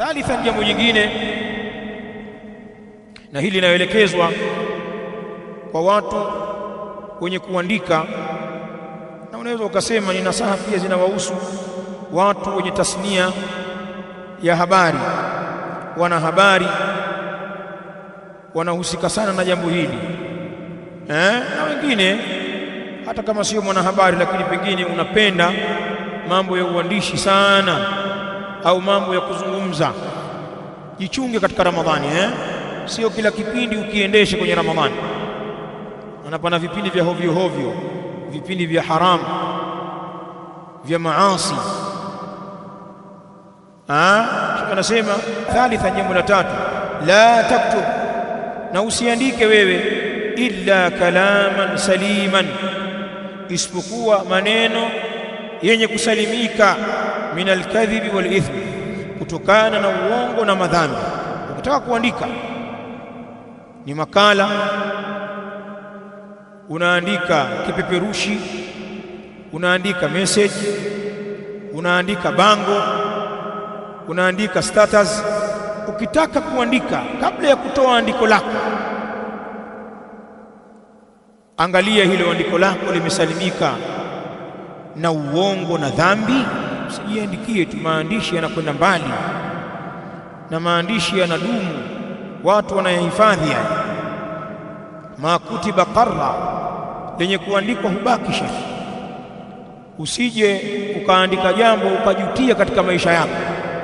thalitha jambo jingine, na hili linayoelekezwa kwa watu wenye kuandika, na unaweza ukasema ni nasaha pia zinawahusu watu wenye tasnia ya habari, wanahabari wanahusika sana na jambo hili eh? Na wengine hata kama sio mwanahabari, lakini pengine unapenda mambo ya uandishi sana au mambo ya kuzungumza. Jichunge katika Ramadhani eh? Sio kila kipindi ukiendeshe kwenye Ramadhani, anapana vipindi vya hovyo hovyo, vipindi vya haramu vya maasi. Shekh anasema thalitha, jambo la tatu, la taktub, na usiandike wewe illa kalaman saliman, isipokuwa maneno yenye kusalimika min alkadhibi wal ithm, kutokana na uongo na madhambi. Ukitaka kuandika ni makala, unaandika kipeperushi, unaandika message, unaandika bango, unaandika status. Ukitaka kuandika, kabla ya kutoa andiko lako, angalia hilo andiko lako limesalimika na uongo na dhambi msijiandikie tu, maandishi yanakwenda mbali na maandishi yanadumu, watu wanayahifadhi haya. Makutiba qarra, lenye kuandikwa hubaki shekhi. Usije ukaandika jambo ukajutia katika maisha yako,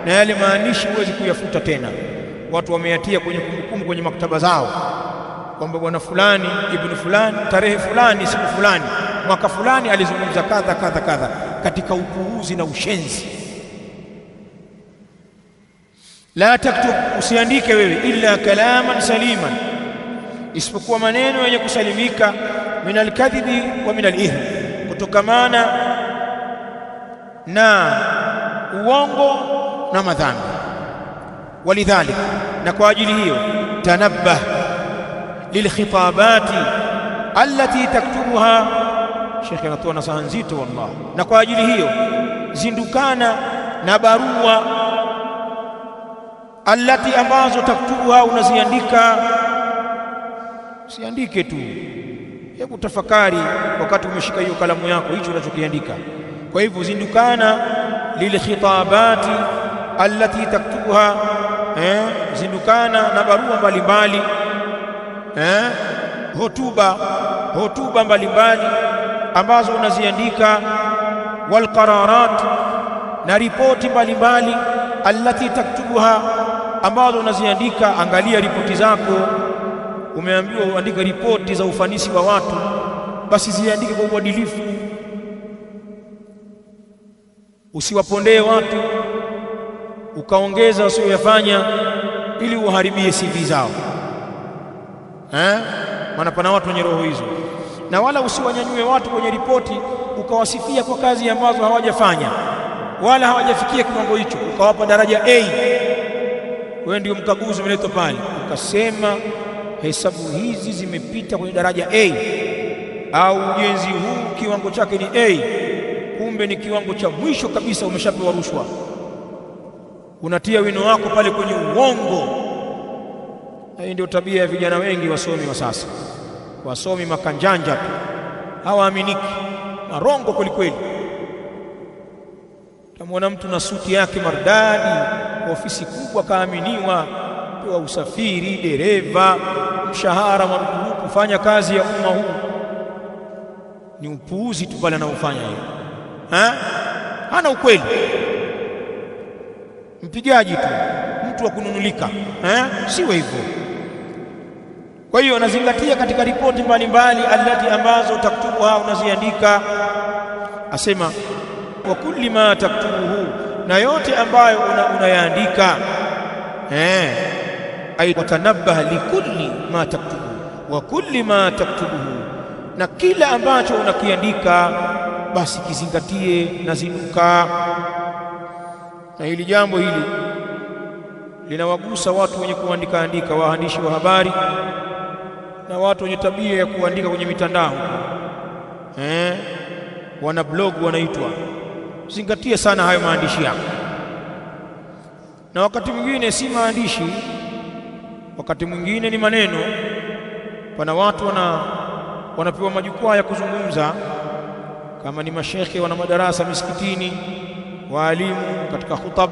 na yale maandishi huwezi kuyafuta tena. Watu wameyatia kwenye kumbukumbu, kwenye maktaba zao, kwamba bwana fulani ibnu fulani tarehe fulani siku fulani mwaka fulani alizungumza kadha kadha kadha katika upuuzi na ushenzi. La taktub, usiandike wewe, illa kalaman saliman, isipokuwa maneno yenye kusalimika, min alkadhibi wa min alithmi, kutokamana na uongo na madhambi. Walidhalik, na kwa ajili hiyo, tanabbah lilkhitabati allati taktubuha Shekhe anatoa nasaha nzito wallahi. Na kwa ajili hiyo zindukana na barua allati ambazo taktubuha, unaziandika usiandike tu. Hebu tafakari wakati umeshika hiyo kalamu yako, hicho unachokiandika. Kwa hivyo zindukana lilkhitabati allati taktubuha eh, zindukana na barua mbalimbali eh, hotuba hotuba mbalimbali ambazo unaziandika walqararat, na ripoti mbalimbali allati taktubuha, ambazo unaziandika. Angalia ripoti zako, umeambiwa uandike ripoti za ufanisi wa watu, basi ziandike kwa uadilifu, usiwapondee watu ukaongeza usioyafanya ili uharibie CV zao eh? Maana pana watu wenye roho hizo na wala usiwanyanyue watu kwenye ripoti ukawasifia kwa kazi ambazo hawajafanya wala hawajafikia kiwango hicho, ukawapa daraja A. Wewe ndio mkaguzi umeletwa pale, ukasema hesabu hizi zimepita kwenye daraja A au ujenzi huu kiwango chake ni A, kumbe ni kiwango cha mwisho kabisa, umeshapewa rushwa. Unatia wino wako pale kwenye uongo. Hii ndio tabia ya vijana wengi wasomi wa sasa wasomi makanjanja tu hawaaminiki na rongo kwelikweli. Utamwona mtu na suti yake maridadi, ofisi kubwa, kaaminiwa, wa usafiri, dereva, mshahara marupurupu, fanya kazi ya umma. Huu ni upuuzi tu pale anaofanya ha? hana ukweli, mpigaji tu, mtu wa kununulika. Siwe hivyo. Kwa hiyo anazingatia katika ripoti mbalimbali allati ambazo taktubuha, unaziandika. Asema wa kulli ma taktubuhu, na yote ambayo unayaandika una eh, ay watanabbaha likulli ma taktubuhu wa kulli ma taktubuhu, na kila ambacho unakiandika basi kizingatie na zinuka. Na hili jambo hili linawagusa watu wenye kuandika andika, waandishi wa habari na watu wenye tabia ya kuandika kwenye mitandao eh, wana blog wanaitwa. Zingatia sana hayo maandishi yako, na wakati mwingine si maandishi, wakati mwingine ni maneno. Pana watu wana wanapewa majukwaa ya kuzungumza, kama ni mashekhe, wana madarasa misikitini, waalimu katika khutab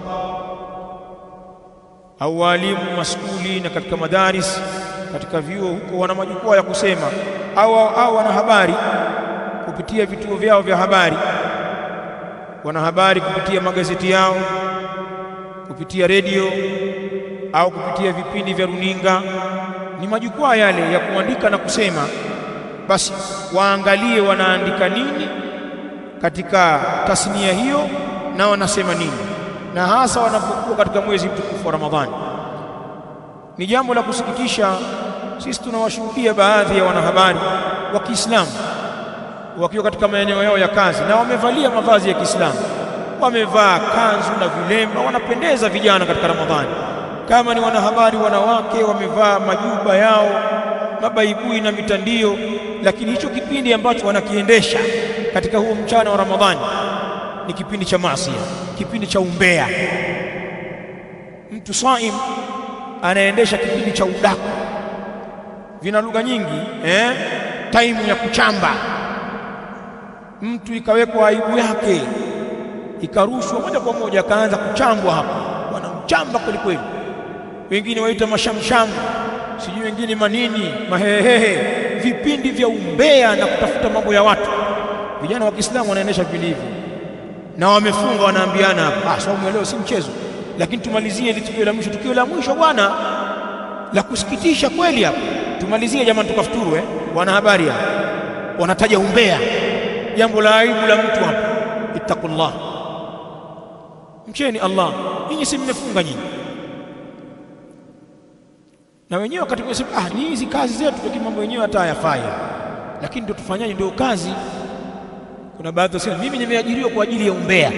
au waalimu maskuli na katika madaris katika vyuo huko wana majukwaa ya kusema au au wanahabari kupitia vituo vyao vya habari, wanahabari kupitia magazeti yao, kupitia redio au kupitia vipindi vya runinga, ni majukwaa yale ya kuandika na kusema. Basi waangalie wanaandika nini katika tasnia hiyo na wanasema nini, na hasa wanapokuwa katika mwezi mtukufu wa Ramadhani. Ni jambo la kusikitisha sisi tunawashuhudia baadhi ya wanahabari wa Kiislamu wakiwa katika maeneo yao ya kazi na wamevalia mavazi ya Kiislamu, wamevaa kanzu na vilemba, wanapendeza vijana katika Ramadhani. Kama ni wanahabari wanawake, wamevaa majuba yao mabaibui na mitandio, lakini hicho kipindi ambacho wanakiendesha katika huo mchana wa Ramadhani ni kipindi cha maasi, kipindi cha umbea. Mtu saim anaendesha kipindi cha udaku vina lugha nyingi eh? Taimu ya kuchamba mtu ikawekwa aibu yake ikarushwa moja kwa moja, akaanza kuchambwa hapa, wanamchamba kwelikweli wengine waita mashamsham, sijui wengine manini, mahehehe, vipindi vya umbea na kutafuta mambo ya watu. Vijana wa Kiislamu wanaendesha vipindi na wamefunga, wanaambiana hapa, ah, saumu leo si mchezo. Lakini tumalizie ile tukio la mwisho, tukio la mwisho bwana la kusikitisha kweli hapa Tumalizie jamani, tukafuturu eh? Wanahabari hapa wanataja umbea, jambo la aibu la mtu hapa. Ittaqullah, mcheni Allah. ninyi si mmefunga nyinyi na wenyewe wakati ah, ni hizi kazi zetu, lakini mambo yenyewe hata hayafai, lakini ndio tufanyaje? Ndio kazi. Kuna baadhi wasema mimi nimeajiriwa kwa ajili ya umbea,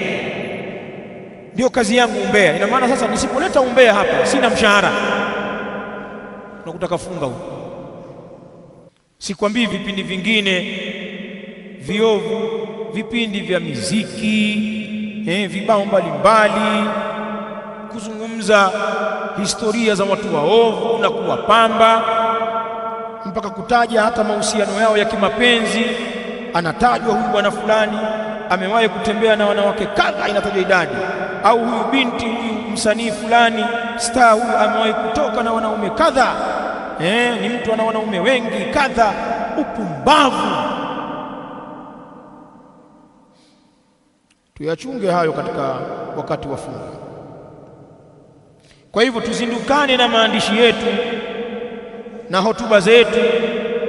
ndio kazi yangu umbea. Ina maana sasa nisipoleta umbea hapa sina mshahara, unakuta kafunga huko Sikwambii vipindi vingine viovu, vipindi vya miziki eh, vibao mbalimbali, kuzungumza historia za watu waovu na kuwapamba, mpaka kutaja hata mahusiano yao ya kimapenzi. Anatajwa huyu bwana fulani amewahi kutembea na wanawake kadha, inatajwa idadi, au huyu binti, huyu msanii fulani staa, huyu amewahi kutoka na wanaume kadha eh, ni mtu ana wanaume wengi kadha. Upumbavu, tuyachunge hayo katika wakati wa funga. Kwa hivyo tuzindukane na maandishi yetu na hotuba zetu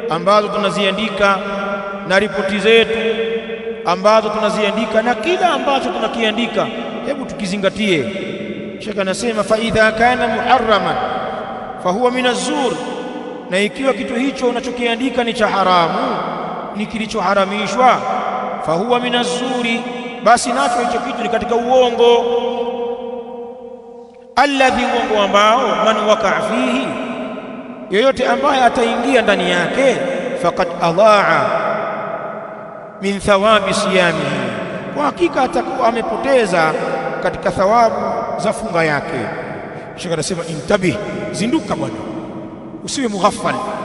ambazo tunaziandika na ripoti zetu ambazo tunaziandika na kila ambacho tunakiandika, hebu tukizingatie. shekhe anasema fa idha kana muharraman fa huwa min azzur na ikiwa kitu hicho unachokiandika ni cha haramu, ni kilichoharamishwa, fahuwa minazuri, basi nacho hicho kitu ni katika uongo. Alladhi, uongo ambao man wakaa fihi, yoyote ambaye ataingia ndani yake, faqad adaa min thawabi siyamihi, kwa hakika atakuwa amepoteza katika thawabu za funga yake. Shekh anasema intabih, zinduka bwana o seu muhaffal